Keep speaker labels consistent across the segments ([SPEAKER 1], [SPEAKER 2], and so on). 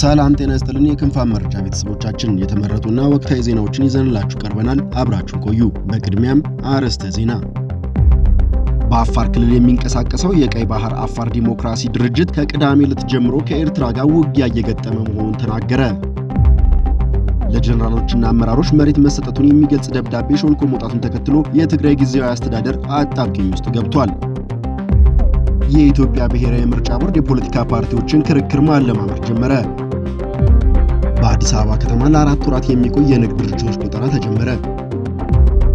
[SPEAKER 1] ሰላም ጤና ይስጥልን። የክንፋን መረጃ ቤተሰቦቻችን የተመረጡና ወቅታዊ ዜናዎችን ይዘንላችሁ ቀርበናል። አብራችሁ ቆዩ። በቅድሚያም አርዕስተ ዜና። በአፋር ክልል የሚንቀሳቀሰው የቀይ ባህር አፋር ዲሞክራሲ ድርጅት ከቅዳሜ ዕለት ጀምሮ ከኤርትራ ጋር ውጊያ እየገጠመ መሆኑን ተናገረ። ለጀነራሎችና አመራሮች መሬት መሰጠቱን የሚገልጽ ደብዳቤ ሾልኮ መውጣቱን ተከትሎ የትግራይ ጊዜያዊ አስተዳደር አጣብቂኝ ውስጥ ገብቷል። የኢትዮጵያ ብሔራዊ ምርጫ ቦርድ የፖለቲካ ፓርቲዎችን ክርክር ማለማመር ጀመረ። በአዲስ አበባ ከተማ ለአራት ወራት የሚቆይ የንግድ ድርጅቶች ቁጠራ ተጀመረ።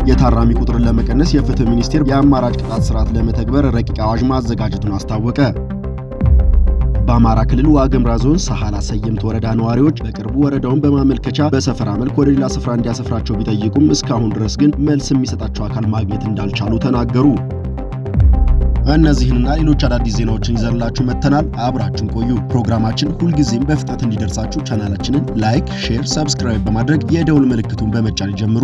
[SPEAKER 1] የታራሚ ቁጥርን ለመቀነስ የፍትህ ሚኒስቴር የአማራጭ ቅጣት ስርዓት ለመተግበር ረቂቅ አዋጅ ማዘጋጀቱን አስታወቀ። በአማራ ክልል ዋግምራ ዞን ሳህላ ሰየምት ወረዳ ነዋሪዎች በቅርቡ ወረዳውን በማመልከቻ በሰፈራ መልክ ወደ ሌላ ስፍራ እንዲያሰፍራቸው ቢጠይቁም እስካሁን ድረስ ግን መልስ የሚሰጣቸው አካል ማግኘት እንዳልቻሉ ተናገሩ። እነዚህንና ሌሎች አዳዲስ ዜናዎችን ይዘንላችሁ መጥተናል። አብራችሁን ቆዩ። ፕሮግራማችን ሁልጊዜም በፍጥነት እንዲደርሳችሁ ቻናላችንን ላይክ፣ ሼር፣ ሰብስክራይብ በማድረግ የደውል ምልክቱን በመጫን ይጀምሩ።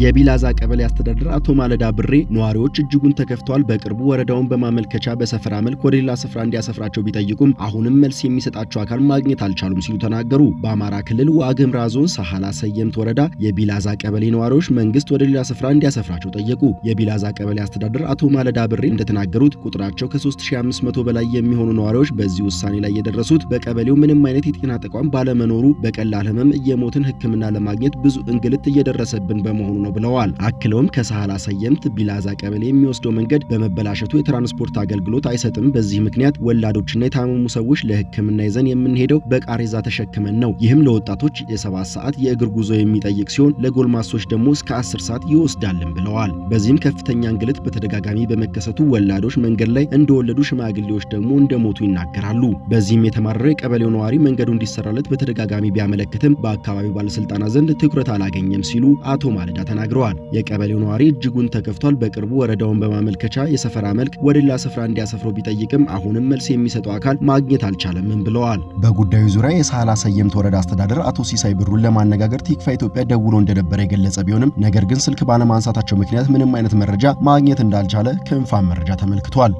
[SPEAKER 1] የቢላዛ ቀበሌ አስተዳደር አቶ ማለዳ ብሬ ነዋሪዎች እጅጉን ተከፍተዋል። በቅርቡ ወረዳውን በማመልከቻ በሰፈራ መልክ ወደ ሌላ ስፍራ እንዲያሰፍራቸው ቢጠይቁም አሁንም መልስ የሚሰጣቸው አካል ማግኘት አልቻሉም ሲሉ ተናገሩ። በአማራ ክልል ዋግምራ ዞን ሳሃላ ሰየምት ወረዳ የቢላዛ ቀበሌ ነዋሪዎች መንግስት ወደ ሌላ ስፍራ እንዲያሰፍራቸው ጠየቁ። የቢላዛ ቀበሌ አስተዳደር አቶ ማለዳ ብሬ እንደተናገሩት ቁጥራቸው ከ3500 በላይ የሚሆኑ ነዋሪዎች በዚህ ውሳኔ ላይ የደረሱት በቀበሌው ምንም አይነት የጤና ተቋም ባለመኖሩ በቀላል ህመም እየሞትን ህክምና ለማግኘት ብዙ እንግልት እየደረሰብን በመሆኑ ነው ብለዋል። አክለውም ከሳህላ ሰየምት ቢላዛ ቀበሌ የሚወስደው መንገድ በመበላሸቱ የትራንስፖርት አገልግሎት አይሰጥም። በዚህ ምክንያት ወላዶችና የታመሙ ሰዎች ለሕክምና ይዘን የምንሄደው በቃሬዛ ተሸክመን ነው። ይህም ለወጣቶች የሰባት ሰዓት የእግር ጉዞ የሚጠይቅ ሲሆን ለጎልማሶች ደግሞ እስከ አስር ሰዓት ይወስዳልን ብለዋል። በዚህም ከፍተኛ እንግልት በተደጋጋሚ በመከሰቱ ወላዶች መንገድ ላይ እንደወለዱ ሽማግሌዎች ደግሞ እንደሞቱ ይናገራሉ። በዚህም የተማረረ የቀበሌው ነዋሪ መንገዱ እንዲሰራለት በተደጋጋሚ ቢያመለክትም በአካባቢው ባለስልጣናት ዘንድ ትኩረት አላገኘም ሲሉ አቶ ማለዳ ተናግረዋል። የቀበሌው ነዋሪ እጅጉን ተከፍቷል። በቅርቡ ወረዳውን በማመልከቻ የሰፈራ መልክ ወደ ሌላ ስፍራ እንዲያሰፍረው ቢጠይቅም አሁንም መልስ የሚሰጠው አካል ማግኘት አልቻለምም ብለዋል። በጉዳዩ ዙሪያ የሳህላ ሰየምት ወረዳ አስተዳደር አቶ ሲሳይ ብሩን ለማነጋገር ቲክፋ ኢትዮጵያ ደውሎ እንደነበረ የገለጸ ቢሆንም ነገር ግን ስልክ ባለማንሳታቸው ምክንያት ምንም አይነት መረጃ ማግኘት እንዳልቻለ ክንፋን መረጃ ተመልክቷል።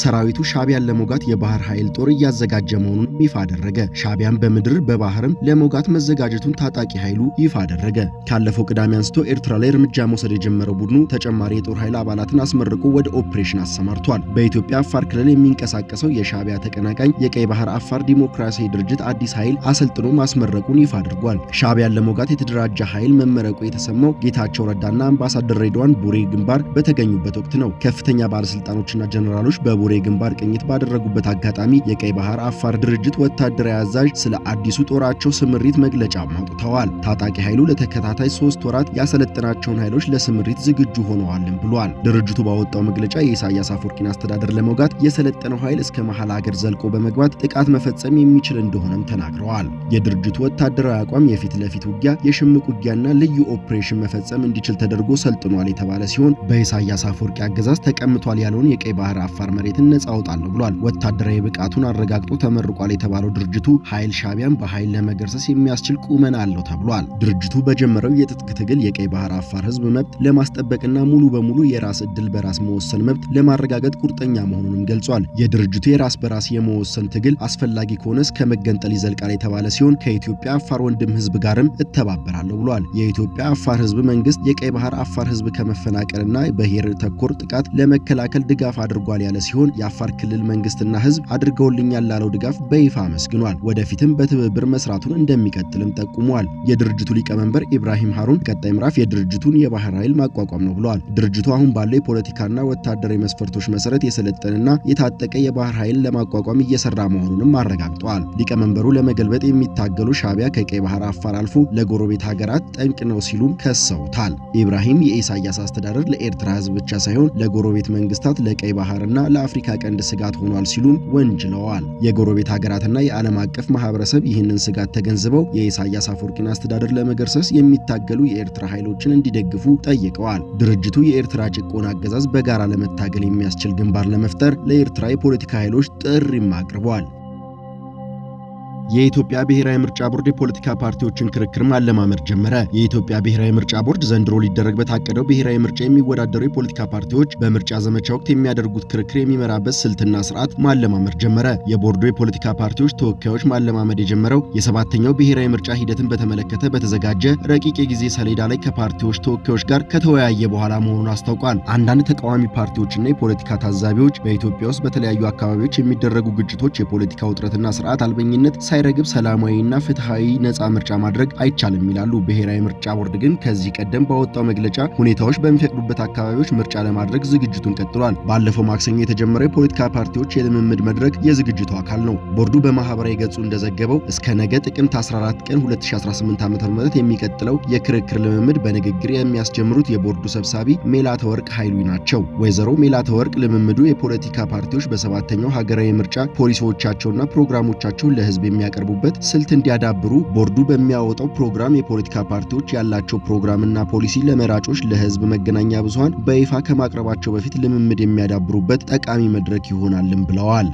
[SPEAKER 1] ሰራዊቱ ሻቢያን ለሞጋት የባህር ኃይል ጦር እያዘጋጀ መሆኑን ይፋ አደረገ። ሻቢያን በምድር በባህርም ለሞጋት መዘጋጀቱን ታጣቂ ኃይሉ ይፋ አደረገ። ካለፈው ቅዳሜ አንስቶ ኤርትራ ላይ እርምጃ መውሰድ የጀመረው ቡድኑ ተጨማሪ የጦር ኃይል አባላትን አስመርቆ ወደ ኦፕሬሽን አሰማርቷል። በኢትዮጵያ አፋር ክልል የሚንቀሳቀሰው የሻቢያ ተቀናቃኝ የቀይ ባህር አፋር ዲሞክራሲያዊ ድርጅት አዲስ ኃይል አሰልጥኖ ማስመረቁን ይፋ አድርጓል። ሻቢያን ለሞጋት የተደራጀ ኃይል መመረቁ የተሰማው ጌታቸው ረዳና አምባሳደር ሬድዋን ቡሬ ግንባር በተገኙበት ወቅት ነው። ከፍተኛ ባለስልጣኖችና ጀነራሎች በቡ ባቡር የግንባር ቅኝት ባደረጉበት አጋጣሚ የቀይ ባህር አፋር ድርጅት ወታደራዊ አዛዥ ስለ አዲሱ ጦራቸው ስምሪት መግለጫ አውጥተዋል። ታጣቂ ኃይሉ ለተከታታይ ሶስት ወራት ያሰለጠናቸውን ኃይሎች ለስምሪት ዝግጁ ሆነዋልን ብሏል። ድርጅቱ ባወጣው መግለጫ የኢሳያስ አፈወርቂን አስተዳደር ለመውጋት የሰለጠነው ኃይል እስከ መሃል አገር ዘልቆ በመግባት ጥቃት መፈጸም የሚችል እንደሆነም ተናግረዋል። የድርጅቱ ወታደራዊ አቋም የፊት ለፊት ውጊያ፣ የሽምቅ ውጊያና ልዩ ኦፕሬሽን መፈጸም እንዲችል ተደርጎ ሰልጥኗል የተባለ ሲሆን በኢሳያስ አፈወርቂ አገዛዝ ተቀምጧል ያለውን የቀይ ባህር አፋር መሬት ሰራዊት ነጻ አውጣለሁ ብሏል። ወታደራዊ ብቃቱን አረጋግጦ ተመርቋል የተባለው ድርጅቱ ኃይል ሻቢያን በኃይል ለመገርሰስ የሚያስችል ቁመና አለው ተብሏል። ድርጅቱ በጀመረው የትጥቅ ትግል የቀይ ባህር አፋር ህዝብ መብት ለማስጠበቅና ሙሉ በሙሉ የራስ ዕድል በራስ መወሰን መብት ለማረጋገጥ ቁርጠኛ መሆኑንም ገልጿል። የድርጅቱ የራስ በራስ የመወሰን ትግል አስፈላጊ ከሆነ እስከ መገንጠል ይዘልቃል የተባለ ሲሆን ከኢትዮጵያ አፋር ወንድም ህዝብ ጋርም እተባበራለሁ ብሏል። የኢትዮጵያ አፋር ህዝብ መንግስት የቀይ ባህር አፋር ህዝብ ከመፈናቀልና ብሔር ተኮር ጥቃት ለመከላከል ድጋፍ አድርጓል ያለ ሲሆን ሲሆን የአፋር ክልል መንግስትና ህዝብ አድርገውልኛል ላለው ድጋፍ በይፋ አመስግኗል። ወደፊትም በትብብር መስራቱን እንደሚቀጥልም ጠቁመዋል። የድርጅቱ ሊቀመንበር ኢብራሂም ሃሩን ቀጣይ ምዕራፍ የድርጅቱን የባህር ኃይል ማቋቋም ነው ብለዋል። ድርጅቱ አሁን ባለው የፖለቲካና ወታደራዊ መስፈርቶች መሰረት የሰለጠነና የታጠቀ የባህር ኃይል ለማቋቋም እየሰራ መሆኑንም አረጋግጠዋል። ሊቀመንበሩ ለመገልበጥ የሚታገሉ ሻቢያ ከቀይ ባህር አፋር አልፎ ለጎረቤት ሀገራት ጠንቅ ነው ሲሉም ከሰውታል። ኢብራሂም የኢሳያስ አስተዳደር ለኤርትራ ህዝብ ብቻ ሳይሆን ለጎረቤት መንግስታት፣ ለቀይ ባህርና የአፍሪካ ቀንድ ስጋት ሆኗል ሲሉም ወንጅለዋል። የጎረቤት ሀገራትና የዓለም አቀፍ ማህበረሰብ ይህንን ስጋት ተገንዝበው የኢሳያስ አፈወርቂን አስተዳደር ለመገርሰስ የሚታገሉ የኤርትራ ኃይሎችን እንዲደግፉ ጠይቀዋል። ድርጅቱ የኤርትራ ጭቆን አገዛዝ በጋራ ለመታገል የሚያስችል ግንባር ለመፍጠር ለኤርትራ የፖለቲካ ኃይሎች ጥሪም አቅርቧል። የኢትዮጵያ ብሔራዊ ምርጫ ቦርድ የፖለቲካ ፓርቲዎችን ክርክር ማለማመድ ጀመረ። የኢትዮጵያ ብሔራዊ ምርጫ ቦርድ ዘንድሮ ሊደረግ በታቀደው ብሔራዊ ምርጫ የሚወዳደሩ የፖለቲካ ፓርቲዎች በምርጫ ዘመቻ ወቅት የሚያደርጉት ክርክር የሚመራበት ስልትና ስርዓት ማለማመድ ጀመረ። የቦርዱ የፖለቲካ ፓርቲዎች ተወካዮች ማለማመድ የጀመረው የሰባተኛው ብሔራዊ ምርጫ ሂደትን በተመለከተ በተዘጋጀ ረቂቅ የጊዜ ሰሌዳ ላይ ከፓርቲዎች ተወካዮች ጋር ከተወያየ በኋላ መሆኑን አስታውቋል። አንዳንድ ተቃዋሚ ፓርቲዎችና የፖለቲካ ታዛቢዎች በኢትዮጵያ ውስጥ በተለያዩ አካባቢዎች የሚደረጉ ግጭቶች የፖለቲካ ውጥረትና ስርዓት አልበኝነት ሳይረግብ ሰላማዊና ፍትሐዊ ነጻ ምርጫ ማድረግ አይቻልም ይላሉ። ብሔራዊ ምርጫ ቦርድ ግን ከዚህ ቀደም ባወጣው መግለጫ ሁኔታዎች በሚፈቅዱበት አካባቢዎች ምርጫ ለማድረግ ዝግጅቱን ቀጥሏል። ባለፈው ማክሰኞ የተጀመረው የፖለቲካ ፓርቲዎች የልምምድ መድረክ የዝግጅቱ አካል ነው። ቦርዱ በማህበራዊ ገጹ እንደዘገበው እስከ ነገ ጥቅምት 14 ቀን 2018 ዓ.ም የሚቀጥለው የክርክር ልምምድ በንግግር የሚያስጀምሩት የቦርዱ ሰብሳቢ ሜላተወርቅ ኃይሉ ናቸው። ወይዘሮ ሜላተወርቅ ልምምዱ የፖለቲካ ፓርቲዎች በሰባተኛው ሀገራዊ ምርጫ ፖሊሲዎቻቸውና ፕሮግራሞቻቸውን ለህዝብ የሚያ በሚያቀርቡበት ስልት እንዲያዳብሩ ቦርዱ በሚያወጣው ፕሮግራም የፖለቲካ ፓርቲዎች ያላቸው ፕሮግራምና ፖሊሲ ለመራጮች ለህዝብ መገናኛ ብዙሃን በይፋ ከማቅረባቸው በፊት ልምምድ የሚያዳብሩበት ጠቃሚ መድረክ ይሆናልም ብለዋል።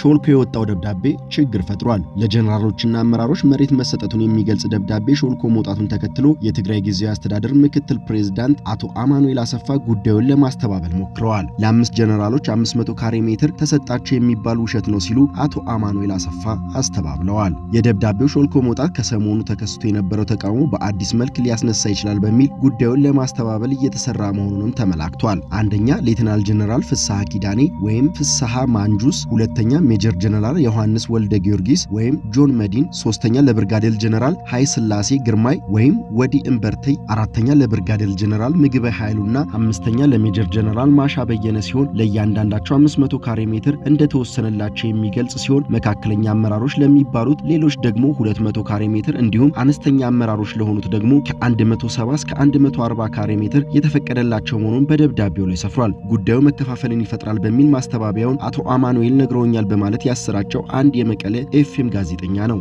[SPEAKER 1] ሾልኮ የወጣው ደብዳቤ ችግር ፈጥሯል። ለጀነራሎችና አመራሮች መሬት መሰጠቱን የሚገልጽ ደብዳቤ ሾልኮ መውጣቱን ተከትሎ የትግራይ ጊዜያዊ አስተዳደር ምክትል ፕሬዝዳንት አቶ አማኑኤል አሰፋ ጉዳዩን ለማስተባበል ሞክረዋል። ለአምስት ጀኔራሎች 500 ካሬ ሜትር ተሰጣቸው የሚባል ውሸት ነው ሲሉ አቶ አማኑኤል አሰፋ አስተባብለዋል። የደብዳቤው ሾልኮ መውጣት ከሰሞኑ ተከስቶ የነበረው ተቃውሞ በአዲስ መልክ ሊያስነሳ ይችላል በሚል ጉዳዩን ለማስተባበል እየተሰራ መሆኑንም ተመላክቷል። አንደኛ ሌተናል ጀነራል ፍስሐ ኪዳኔ ወይም ፍስሐ ማንጁስ፣ ሁለተኛ ሜጀር ጀነራል ዮሐንስ ወልደ ጊዮርጊስ ወይም ጆን መዲን፣ ሶስተኛ ለብርጋዴር ጀነራል ሃይ ስላሴ ግርማይ ወይም ወዲ እምበርተይ፣ አራተኛ ለብርጋዴር ጀነራል ምግበ ኃይሉና አምስተኛ ለሜጀር ጀነራል ማሻ በየነ ሲሆን ለእያንዳንዳቸው 500 ካሬ ሜትር እንደተወሰነላቸው የሚገልጽ ሲሆን መካከለኛ አመራሮች ለሚባሉት ሌሎች ደግሞ 200 ካሬ ሜትር እንዲሁም አነስተኛ አመራሮች ለሆኑት ደግሞ ከ170 እስከ 140 ካሬ ሜትር የተፈቀደላቸው መሆኑን በደብዳቤው ላይ ሰፍሯል። ጉዳዩ መከፋፈልን ይፈጥራል በሚል ማስተባበያውን አቶ አማኑኤል ነግረውኛል በማለት ያሰራቸው አንድ የመቀለ ኤፍኤም ጋዜጠኛ ነው።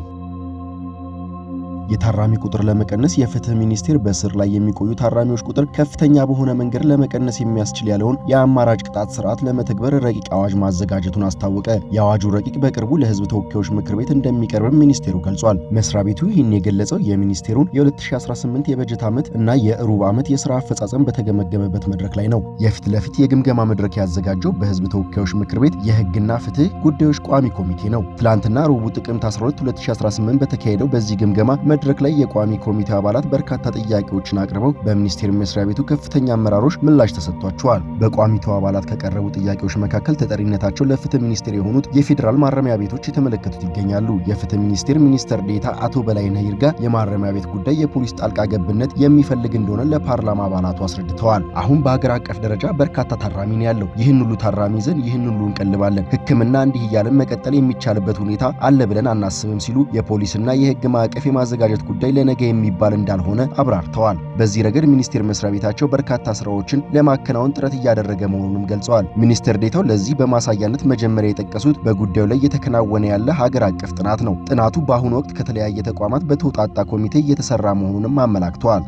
[SPEAKER 1] የታራሚ ቁጥር ለመቀነስ የፍትህ ሚኒስቴር በስር ላይ የሚቆዩ ታራሚዎች ቁጥር ከፍተኛ በሆነ መንገድ ለመቀነስ የሚያስችል ያለውን የአማራጭ ቅጣት ስርዓት ለመተግበር ረቂቅ አዋጅ ማዘጋጀቱን አስታወቀ። የአዋጁ ረቂቅ በቅርቡ ለህዝብ ተወካዮች ምክር ቤት እንደሚቀርብም ሚኒስቴሩ ገልጿል። መስሪያ ቤቱ ይህን የገለጸው የሚኒስቴሩን የ2018 የበጀት ዓመት እና የሩብ ዓመት የስራ አፈጻጸም በተገመገመበት መድረክ ላይ ነው። የፊት ለፊት የግምገማ መድረክ ያዘጋጀው በህዝብ ተወካዮች ምክር ቤት የህግና ፍትህ ጉዳዮች ቋሚ ኮሚቴ ነው። ትላንትና ረቡዕ ጥቅምት 12 2018 በተካሄደው በዚህ ግምገማ መድረክ ላይ የቋሚ ኮሚቴ አባላት በርካታ ጥያቄዎችን አቅርበው በሚኒስቴር መስሪያ ቤቱ ከፍተኛ አመራሮች ምላሽ ተሰጥቷቸዋል። በቋሚቴው አባላት ከቀረቡ ጥያቄዎች መካከል ተጠሪነታቸው ለፍትህ ሚኒስቴር የሆኑት የፌዴራል ማረሚያ ቤቶች የተመለከቱት ይገኛሉ። የፍትህ ሚኒስቴር ሚኒስትር ዴታ አቶ በላይነህ ይርጋ የማረሚያ ቤት ጉዳይ የፖሊስ ጣልቃ ገብነት የሚፈልግ እንደሆነ ለፓርላማ አባላቱ አስረድተዋል። አሁን በሀገር አቀፍ ደረጃ በርካታ ታራሚ ነው ያለው። ይህን ሁሉ ታራሚ ይዘን ይህን ሁሉ እንቀልባለን፣ ህክምና እንዲህ እያለን መቀጠል የሚቻልበት ሁኔታ አለ ብለን አናስብም ሲሉ የፖሊስና የህግ ማዕቀፍ የማዘጋ የማዘጋጀት ጉዳይ ለነገ የሚባል እንዳልሆነ አብራርተዋል። በዚህ ረገድ ሚኒስቴር መስሪያ ቤታቸው በርካታ ስራዎችን ለማከናወን ጥረት እያደረገ መሆኑንም ገልጸዋል። ሚኒስትር ዴታው ለዚህ በማሳያነት መጀመሪያ የጠቀሱት በጉዳዩ ላይ እየተከናወነ ያለ ሀገር አቀፍ ጥናት ነው። ጥናቱ በአሁኑ ወቅት ከተለያየ ተቋማት በተውጣጣ ኮሚቴ እየተሰራ መሆኑንም አመላክተዋል።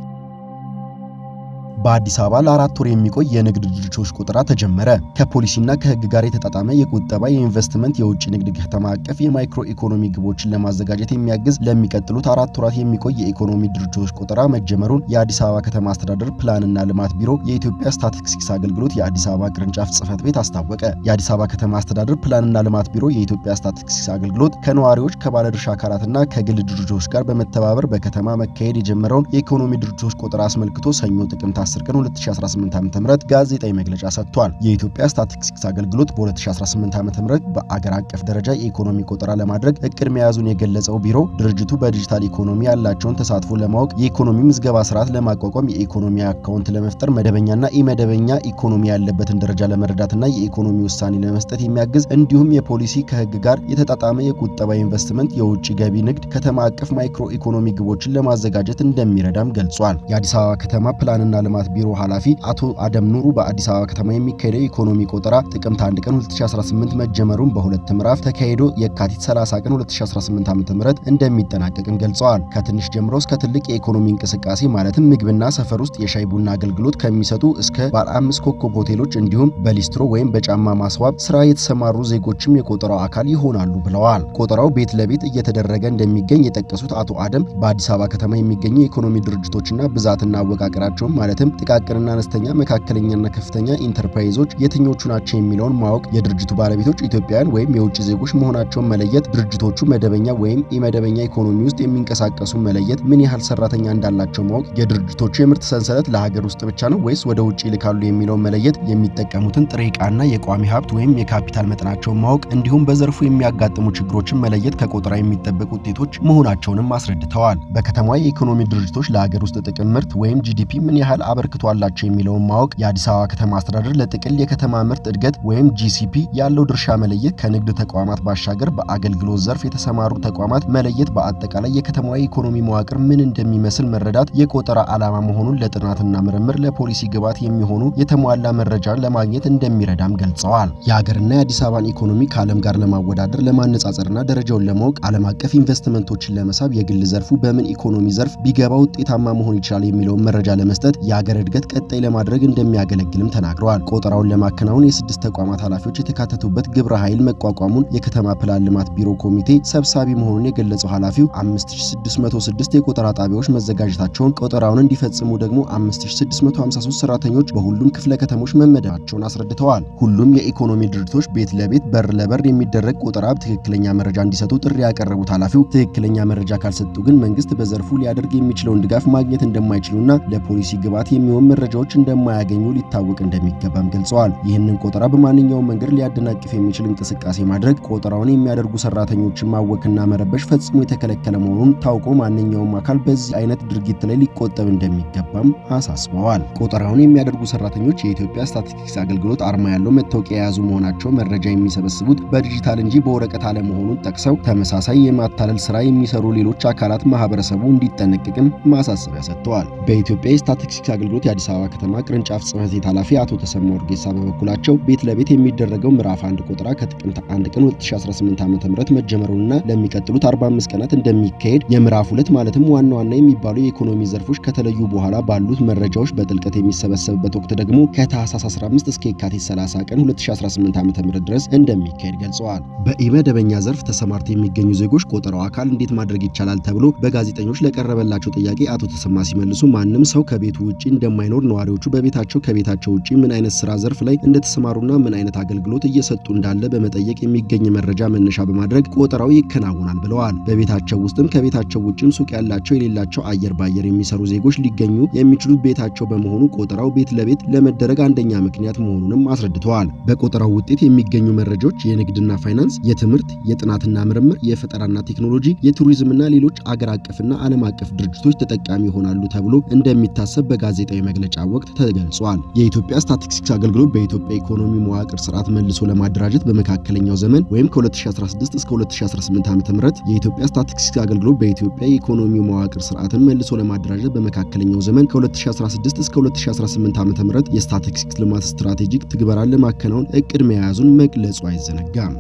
[SPEAKER 1] በአዲስ አበባ ለአራት ወር የሚቆይ የንግድ ድርጅቶች ቁጥራ ተጀመረ። ከፖሊሲና ከህግ ጋር የተጣጣመ የቁጠባ የኢንቨስትመንት፣ የውጭ ንግድ ከተማ አቀፍ የማይክሮ ኢኮኖሚ ግቦችን ለማዘጋጀት የሚያግዝ ለሚቀጥሉት አራት ወራት የሚቆይ የኢኮኖሚ ድርጅቶች ቁጥራ መጀመሩን የአዲስ አበባ ከተማ አስተዳደር ፕላንና ልማት ቢሮ፣ የኢትዮጵያ ስታቲስቲክስ አገልግሎት የአዲስ አበባ ቅርንጫፍ ጽህፈት ቤት አስታወቀ። የአዲስ አበባ ከተማ አስተዳደር ፕላንና ልማት ቢሮ፣ የኢትዮጵያ ስታቲስቲክስ አገልግሎት ከነዋሪዎች ከባለድርሻ አካላትና ከግል ድርጅቶች ጋር በመተባበር በከተማ መካሄድ የጀመረውን የኢኮኖሚ ድርጅቶች ቁጥራ አስመልክቶ ሰኞ ጥቅምት 10 ቀን 2018 ዓ.ም ጋዜጣዊ መግለጫ ሰጥቷል። የኢትዮጵያ ስታቲስቲክስ አገልግሎት በ2018 ዓ.ም በአገር አቀፍ ደረጃ የኢኮኖሚ ቆጠራ ለማድረግ እቅድ መያዙን የገለጸው ቢሮ ድርጅቱ በዲጂታል ኢኮኖሚ ያላቸውን ተሳትፎ ለማወቅ የኢኮኖሚ ምዝገባ ስርዓት ለማቋቋም የኢኮኖሚ አካውንት ለመፍጠር መደበኛና ኢመደበኛ ኢኮኖሚ ያለበትን ደረጃ ለመረዳትና የኢኮኖሚ ውሳኔ ለመስጠት የሚያግዝ እንዲሁም የፖሊሲ ከህግ ጋር የተጣጣመ የቁጠባ ኢንቨስትመንት፣ የውጭ ገቢ ንግድ፣ ከተማ አቀፍ ማይክሮ ኢኮኖሚ ግቦችን ለማዘጋጀት እንደሚረዳም ገልጿል። የአዲስ አበባ ከተማ ፕላንና ልማት ጥናት ቢሮ ኃላፊ አቶ አደም ኑሩ በአዲስ አበባ ከተማ የሚካሄደው ኢኮኖሚ ቆጠራ ጥቅምት 1 ቀን 2018 መጀመሩን በሁለት ምዕራፍ ተካሂዶ የካቲት 30 ቀን 2018 ዓ.ም እንደሚጠናቀቅም ገልጸዋል። ከትንሽ ጀምሮ እስከ ትልቅ የኢኮኖሚ እንቅስቃሴ ማለትም ምግብና ሰፈር ውስጥ የሻይ ቡና አገልግሎት ከሚሰጡ እስከ ባለ አምስት ኮከብ ሆቴሎች እንዲሁም በሊስትሮ ወይም በጫማ ማስዋብ ስራ የተሰማሩ ዜጎችም የቆጠራው አካል ይሆናሉ ብለዋል። ቆጠራው ቤት ለቤት እየተደረገ እንደሚገኝ የጠቀሱት አቶ አደም በአዲስ አበባ ከተማ የሚገኙ የኢኮኖሚ ድርጅቶችና ብዛትና አወቃቀራቸውን ማለትም ማለትም ጥቃቅንና አነስተኛ፣ መካከለኛና ከፍተኛ ኢንተርፕራይዞች የትኞቹ ናቸው የሚለውን ማወቅ፣ የድርጅቱ ባለቤቶች ኢትዮጵያውያን ወይም የውጭ ዜጎች መሆናቸውን መለየት፣ ድርጅቶቹ መደበኛ ወይም ኢመደበኛ ኢኮኖሚ ውስጥ የሚንቀሳቀሱ መለየት፣ ምን ያህል ሰራተኛ እንዳላቸው ማወቅ፣ የድርጅቶቹ የምርት ሰንሰለት ለሀገር ውስጥ ብቻ ነው ወይስ ወደ ውጭ ይልካሉ የሚለውን መለየት፣ የሚጠቀሙትን ጥሬ ዕቃና የቋሚ ሀብት ወይም የካፒታል መጠናቸውን ማወቅ እንዲሁም በዘርፉ የሚያጋጥሙ ችግሮችን መለየት ከቆጠራ የሚጠበቁ ውጤቶች መሆናቸውንም አስረድተዋል። በከተማዋ የኢኮኖሚ ድርጅቶች ለሀገር ውስጥ ጥቅም ምርት ወይም ጂዲፒ ምን ያህል አበርክቷላቸው የሚለውን ማወቅ፣ የአዲስ አበባ ከተማ አስተዳደር ለጥቅል የከተማ ምርት እድገት ወይም ጂሲፒ ያለው ድርሻ መለየት፣ ከንግድ ተቋማት ባሻገር በአገልግሎት ዘርፍ የተሰማሩ ተቋማት መለየት፣ በአጠቃላይ የከተማዋ ኢኮኖሚ መዋቅር ምን እንደሚመስል መረዳት የቆጠራ ዓላማ መሆኑን ለጥናትና ምርምር ለፖሊሲ ግብዓት የሚሆኑ የተሟላ መረጃን ለማግኘት እንደሚረዳም ገልጸዋል። የሀገርና የአዲስ አበባን ኢኮኖሚ ከዓለም ጋር ለማወዳደር ለማነጻጸርና ደረጃውን ለማወቅ ዓለም አቀፍ ኢንቨስትመንቶችን ለመሳብ የግል ዘርፉ በምን ኢኮኖሚ ዘርፍ ቢገባ ውጤታማ መሆን ይችላል የሚለውን መረጃ ለመስጠት ለሀገር እድገት ቀጣይ ለማድረግ እንደሚያገለግልም ተናግረዋል። ቆጠራውን ለማከናወን የስድስት ተቋማት ኃላፊዎች የተካተቱበት ግብረ ኃይል መቋቋሙን የከተማ ፕላን ልማት ቢሮ ኮሚቴ ሰብሳቢ መሆኑን የገለጸው ኃላፊው 5606 የቆጠራ ጣቢያዎች መዘጋጀታቸውን፣ ቆጠራውን እንዲፈጽሙ ደግሞ 5653 ሰራተኞች በሁሉም ክፍለ ከተሞች መመደባቸውን አስረድተዋል። ሁሉም የኢኮኖሚ ድርጅቶች ቤት ለቤት በር ለበር የሚደረግ ቆጠራ ትክክለኛ መረጃ እንዲሰጡ ጥሪ ያቀረቡት ኃላፊው ትክክለኛ መረጃ ካልሰጡ ግን መንግስት በዘርፉ ሊያደርግ የሚችለውን ድጋፍ ማግኘት እንደማይችሉና ለፖሊሲ ግብዓት የሚሆን መረጃዎች እንደማያገኙ ሊታወቅ እንደሚገባም ገልጸዋል። ይህንን ቆጠራ በማንኛውም መንገድ ሊያደናቅፍ የሚችል እንቅስቃሴ ማድረግ፣ ቆጠራውን የሚያደርጉ ሰራተኞችን ማወክና መረበሽ ፈጽሞ የተከለከለ መሆኑን ታውቆ ማንኛውም አካል በዚህ አይነት ድርጊት ላይ ሊቆጠብ እንደሚገባም አሳስበዋል። ቆጠራውን የሚያደርጉ ሰራተኞች የኢትዮጵያ ስታቲስቲክስ አገልግሎት አርማ ያለው መታወቂያ የያዙ መሆናቸው መረጃ የሚሰበስቡት በዲጂታል እንጂ በወረቀት አለመሆኑን ጠቅሰው ተመሳሳይ የማታለል ስራ የሚሰሩ ሌሎች አካላት ማህበረሰቡ እንዲጠነቅቅም ማሳሰቢያ ሰጥተዋል። በኢትዮጵያ የስታቲስቲክስ አገልግሎት የአዲስ አበባ ከተማ ቅርንጫፍ ጽህፈት ቤት ኃላፊ አቶ ተሰማ ወርጌሳ በበኩላቸው ቤት ለቤት የሚደረገው ምዕራፍ አንድ ቆጠራ ከጥቅምት አንድ ቀን 2018 ዓ ም መጀመሩንና ለሚቀጥሉት 45 ቀናት እንደሚካሄድ የምዕራፍ ሁለት ማለትም ዋና ዋና የሚባሉ የኢኮኖሚ ዘርፎች ከተለዩ በኋላ ባሉት መረጃዎች በጥልቀት የሚሰበሰብበት ወቅት ደግሞ ከታህሳስ 15 እስከ የካቲት 30 ቀን 2018 ዓ.ም ድረስ እንደሚካሄድ ገልጸዋል። በኢመደበኛ ዘርፍ ተሰማርተው የሚገኙ ዜጎች ቆጠራው አካል እንዴት ማድረግ ይቻላል ተብሎ በጋዜጠኞች ለቀረበላቸው ጥያቄ አቶ ተሰማ ሲመልሱ ማንም ሰው ከቤቱ ውጪ እንደማይኖር ነዋሪዎቹ በቤታቸው ከቤታቸው ውጪ ምን አይነት ስራ ዘርፍ ላይ እንደተሰማሩና ምን አይነት አገልግሎት እየሰጡ እንዳለ በመጠየቅ የሚገኝ መረጃ መነሻ በማድረግ ቆጠራው ይከናወናል ብለዋል። በቤታቸው ውስጥም ከቤታቸው ውጭም ሱቅ ያላቸው የሌላቸው አየር ባየር የሚሰሩ ዜጎች ሊገኙ የሚችሉት ቤታቸው በመሆኑ ቆጠራው ቤት ለቤት ለመደረግ አንደኛ ምክንያት መሆኑንም አስረድተዋል። በቆጠራው ውጤት የሚገኙ መረጃዎች የንግድና ፋይናንስ፣ የትምህርት፣ የጥናትና ምርምር፣ የፈጠራና ቴክኖሎጂ፣ የቱሪዝምና ሌሎች አገር አቀፍና ዓለም አቀፍ ድርጅቶች ተጠቃሚ ይሆናሉ ተብሎ እንደሚታሰብ በጋዜ ጋዜጣዊ መግለጫ ወቅት ተገልጿል። የኢትዮጵያ ስታቲስቲክስ አገልግሎት በኢትዮጵያ ኢኮኖሚ መዋቅር ስርዓት መልሶ ለማደራጀት በመካከለኛው ዘመን ወይም ከ2016 እስከ 2018 ዓ.ም የኢትዮጵያ ስታቲስቲክስ አገልግሎት በኢትዮጵያ ኢኮኖሚ መዋቅር ስርዓትን መልሶ ለማደራጀት በመካከለኛው ዘመን ከ2016 እስከ 2018 ዓ.ም የስታቲስቲክስ ልማት ስትራቴጂክ ትግበራን ለማከናወን እቅድ መያዙን መግለጹ አይዘነጋም።